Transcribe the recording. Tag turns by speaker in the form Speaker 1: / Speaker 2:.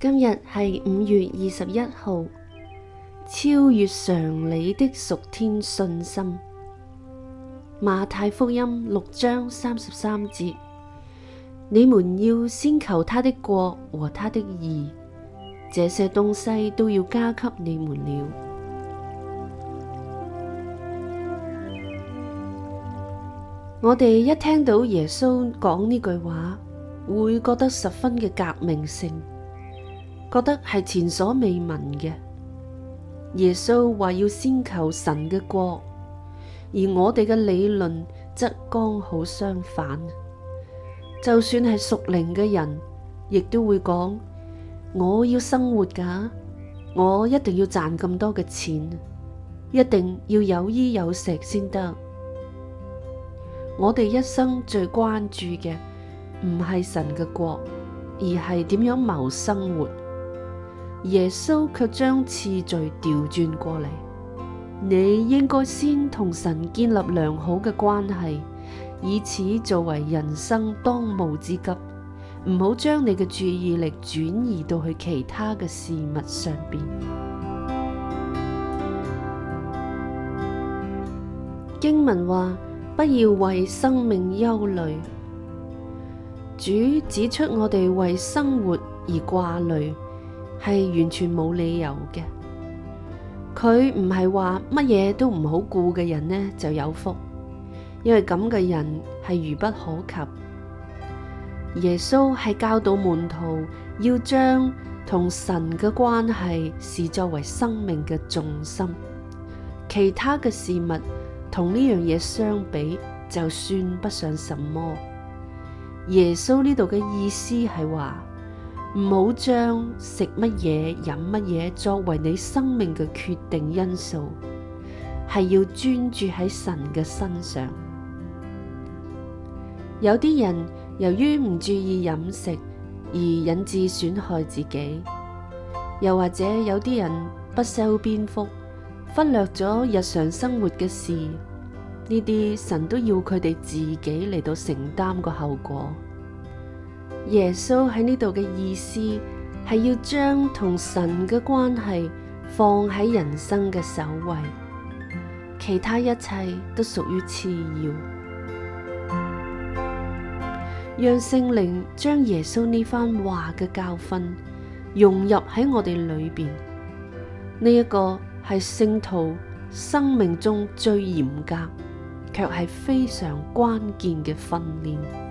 Speaker 1: 今日係五月二十一號，超越常理的屬天信心。馬太福音六章三十三節：你們要先求他的國和他的義，這些東西都要加給你們了。我哋一聽到耶穌講呢句話，會覺得十分嘅革命性。覺得係前所未聞嘅。耶穌話要先求神嘅國，而我哋嘅理論則剛好相反。就算係屬靈嘅人，亦都會講：我要生活㗎，我一定要賺咁多嘅錢，一定要有衣有食先得。我哋一生最關注嘅唔係神嘅國，而係點樣謀生活。耶穌卻將次序調轉過嚟，你應該先同神建立良好嘅關係，以此作為人生當務之急。唔好將你嘅注意力轉移到去其他嘅事物上邊。經文話：不要為生命憂慮。主指出我哋為生活而掛慮。係完全冇理由嘅，佢唔係話乜嘢都唔好顧嘅人呢就有福，因為咁嘅人係愚不可及。耶穌係教導門徒要將同神嘅關係視作為生命嘅重心，其他嘅事物同呢樣嘢相比，就算不上什麼。耶穌呢度嘅意思係話。唔好將食乜嘢、飲乜嘢作為你生命嘅決定因素，係要專注喺神嘅身上。有啲人由於唔注意飲食而引致損害自己，又或者有啲人不修邊幅，忽略咗日常生活嘅事，呢啲神都要佢哋自己嚟到承擔個後果。耶穌喺呢度嘅意思係要將同神嘅關係放喺人生嘅首位，其他一切都屬於次要。讓聖靈將耶穌呢番話嘅教訓融入喺我哋裏邊，呢、這、一個係聖徒生命中最嚴格卻係非常關鍵嘅訓練。